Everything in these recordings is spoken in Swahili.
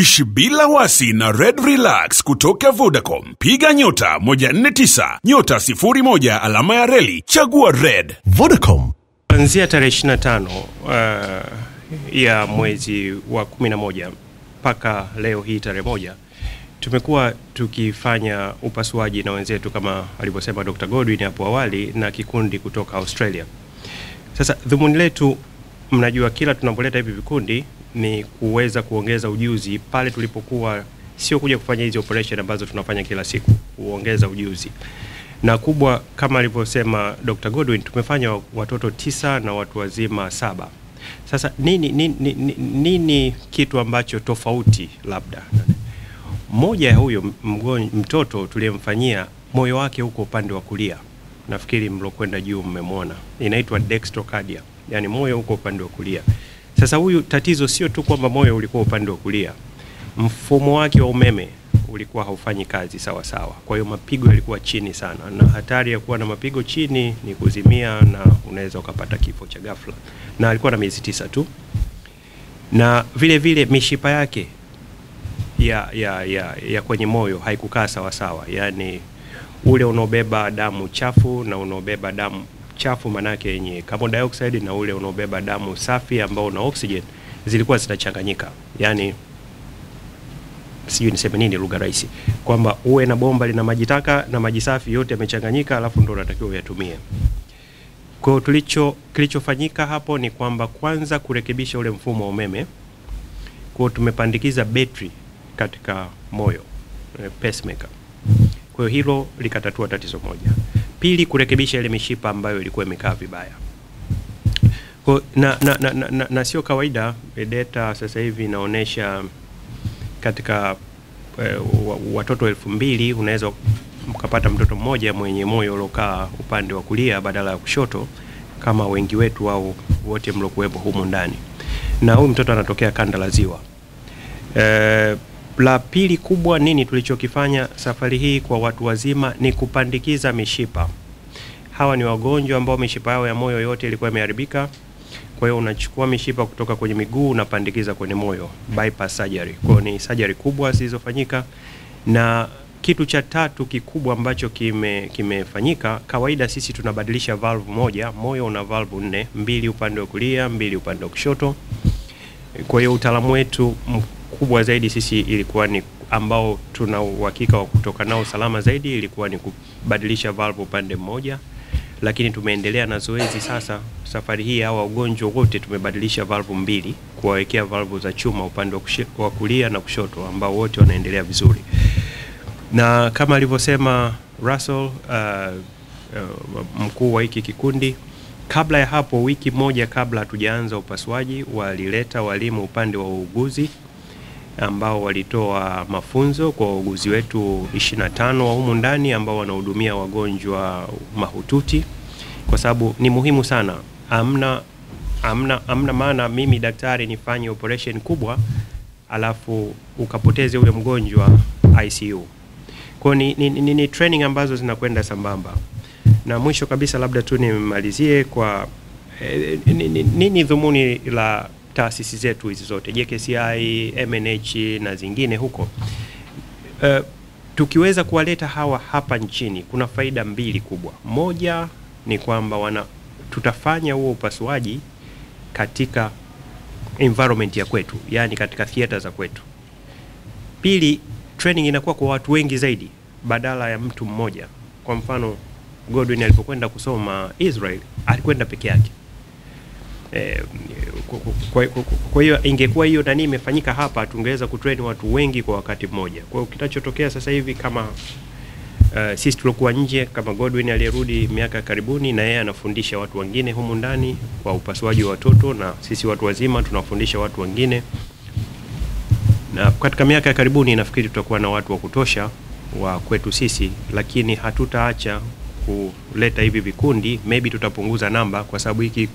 Ishi bila wasi na Red Relax kutoka Vodacom. Piga nyota 149 nyota 01 alama ya reli chagua Red. Vodacom. Kuanzia tarehe 25 uh, eh, ya mwezi wa 11 mpaka leo hii tarehe moja tumekuwa tukifanya upasuaji na wenzetu kama alivyosema Dr. Godwin hapo awali na kikundi kutoka Australia. Sasa dhumuni letu, mnajua kila tunapoleta hivi vikundi ni kuweza kuongeza ujuzi pale tulipokuwa, sio kuja kufanya hizi operation ambazo tunafanya kila siku, kuongeza ujuzi na kubwa kama alivyosema Dr. Godwin, tumefanya watoto tisa na watu wazima saba. Sasa nini, nini, nini, nini kitu ambacho tofauti? Labda moja ya huyo mtoto tuliyemfanyia moyo wake huko upande wa kulia, nafikiri mlokwenda juu mmemwona, inaitwa dextrocardia, yani moyo huko upande wa kulia. Sasa huyu tatizo sio tu kwamba moyo ulikuwa upande wa kulia, mfumo wake wa umeme ulikuwa haufanyi kazi sawa sawa, kwa hiyo mapigo yalikuwa chini sana, na hatari ya kuwa na mapigo chini ni kuzimia na unaweza ukapata kifo cha ghafla, na alikuwa na miezi tisa tu, na vile vile mishipa yake ya, ya, ya, ya kwenye moyo haikukaa sawa sawa, yani ule unaobeba damu chafu na unaobeba damu chafu manake yenye carbon dioxide na ule unaobeba damu safi ambao una oxygen zilikuwa zitachanganyika. Yaani sijui niseme nini lugha rahisi, kwamba uwe na bomba lina maji taka na maji safi yote yamechanganyika, alafu ndio unatakiwa uyatumie. Kwa hiyo tulicho kilichofanyika hapo ni kwamba kwanza kurekebisha ule mfumo wa umeme. Kwa hiyo tumepandikiza betri katika moyo eh, pacemaker. Kwa hiyo hilo likatatua tatizo moja pili kurekebisha ile mishipa ambayo ilikuwa imekaa vibaya. Kwa, na, na, na, na, na, na sio kawaida eh, data sasa hivi inaonyesha katika eh, watoto elfu mbili unaweza mkapata mtoto mmoja mwenye moyo uliokaa upande wa kulia badala ya kushoto kama wengi wetu au wote mlokuwepo humu ndani, na huyu mtoto anatokea kanda la Ziwa e, la pili kubwa nini tulichokifanya safari hii kwa watu wazima ni kupandikiza mishipa. Hawa ni wagonjwa ambao mishipa yao ya moyo yote ilikuwa imeharibika. Kwa hiyo unachukua mishipa kutoka kwenye miguu unapandikiza kwenye moyo, bypass surgery. Kwa hiyo ni surgery kubwa zilizofanyika, na kitu cha tatu kikubwa ambacho kime kimefanyika, kawaida sisi tunabadilisha valve moja. Moyo una valve nne, mbili upande wa kulia, mbili upande wa kushoto. Kwa hiyo utaalamu wetu kubwa zaidi sisi ilikuwa ni ambao tuna uhakika wa kutoka nao salama zaidi ilikuwa ni kubadilisha valve upande mmoja, lakini tumeendelea na zoezi sasa. Safari hii hawa wagonjwa wote tumebadilisha valve mbili, kuwawekea valve za chuma upande wa kulia na kushoto, ambao wote wanaendelea vizuri, na kama alivyosema Russell, uh, uh, mkuu wa hiki kikundi Kabla ya hapo, wiki moja kabla hatujaanza upasuaji, walileta walimu upande wa uuguzi ambao walitoa mafunzo kwa wauguzi wetu 25 wa humu ndani ambao wanahudumia wagonjwa mahututi, kwa sababu ni muhimu sana. Amna, amna, amna maana mimi daktari nifanye operation kubwa alafu ukapoteze ule mgonjwa ICU. Kwa ni, ni, ni, ni training ambazo zinakwenda sambamba na mwisho kabisa labda tu nimalizie kwa eh, nini dhumuni la taasisi zetu hizi zote JKCI, MNH na zingine huko uh, tukiweza kuwaleta hawa hapa nchini kuna faida mbili kubwa. Moja ni kwamba wana tutafanya huo upasuaji katika environment ya kwetu, yani katika theater za kwetu. Pili, training inakuwa kwa watu wengi zaidi badala ya mtu mmoja. Kwa mfano, Godwin alipokwenda kusoma Israel alikwenda peke yake. E, kwa hiyo ingekuwa hiyo nani imefanyika hapa, tungeweza kutrain watu wengi kwa wakati mmoja. Kwa hiyo kinachotokea sasa hivi kama uh, sisi tuliokuwa nje kama Godwin aliyerudi miaka karibuni, na yeye anafundisha watu wengine humu ndani kwa upasuaji wa watoto, na sisi watu wazima tunafundisha watu wengine, na katika miaka ya karibuni nafikiri tutakuwa na watu wa kutosha wa kwetu sisi, lakini hatutaacha kuleta hivi vikundi, maybe tutapunguza namba, kwa sababu hiki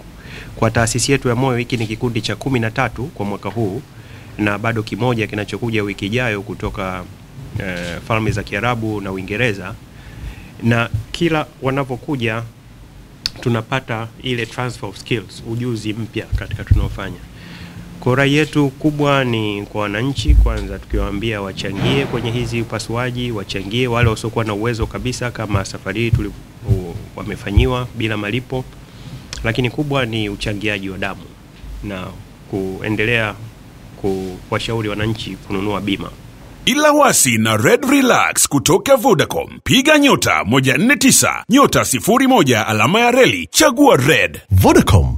kwa taasisi yetu ya moyo hiki ni kikundi cha kumi na tatu kwa mwaka huu na bado kimoja kinachokuja wiki ijayo kutoka eh, falme za Kiarabu na Uingereza, na kila wanapokuja tunapata ile transfer of skills, ujuzi mpya katika tunaofanya. Kora yetu kubwa ni kwa wananchi kwanza, tukiwaambia wachangie kwenye hizi upasuaji, wachangie wale wasiokuwa na uwezo kabisa, kama safari hii wamefanyiwa bila malipo, lakini kubwa ni uchangiaji wa damu na kuendelea kuwashauri wananchi kununua bima. Ila wasi na Red Relax kutoka Vodacom, piga nyota 149 nyota 01 alama ya reli, chagua Red. Vodacom,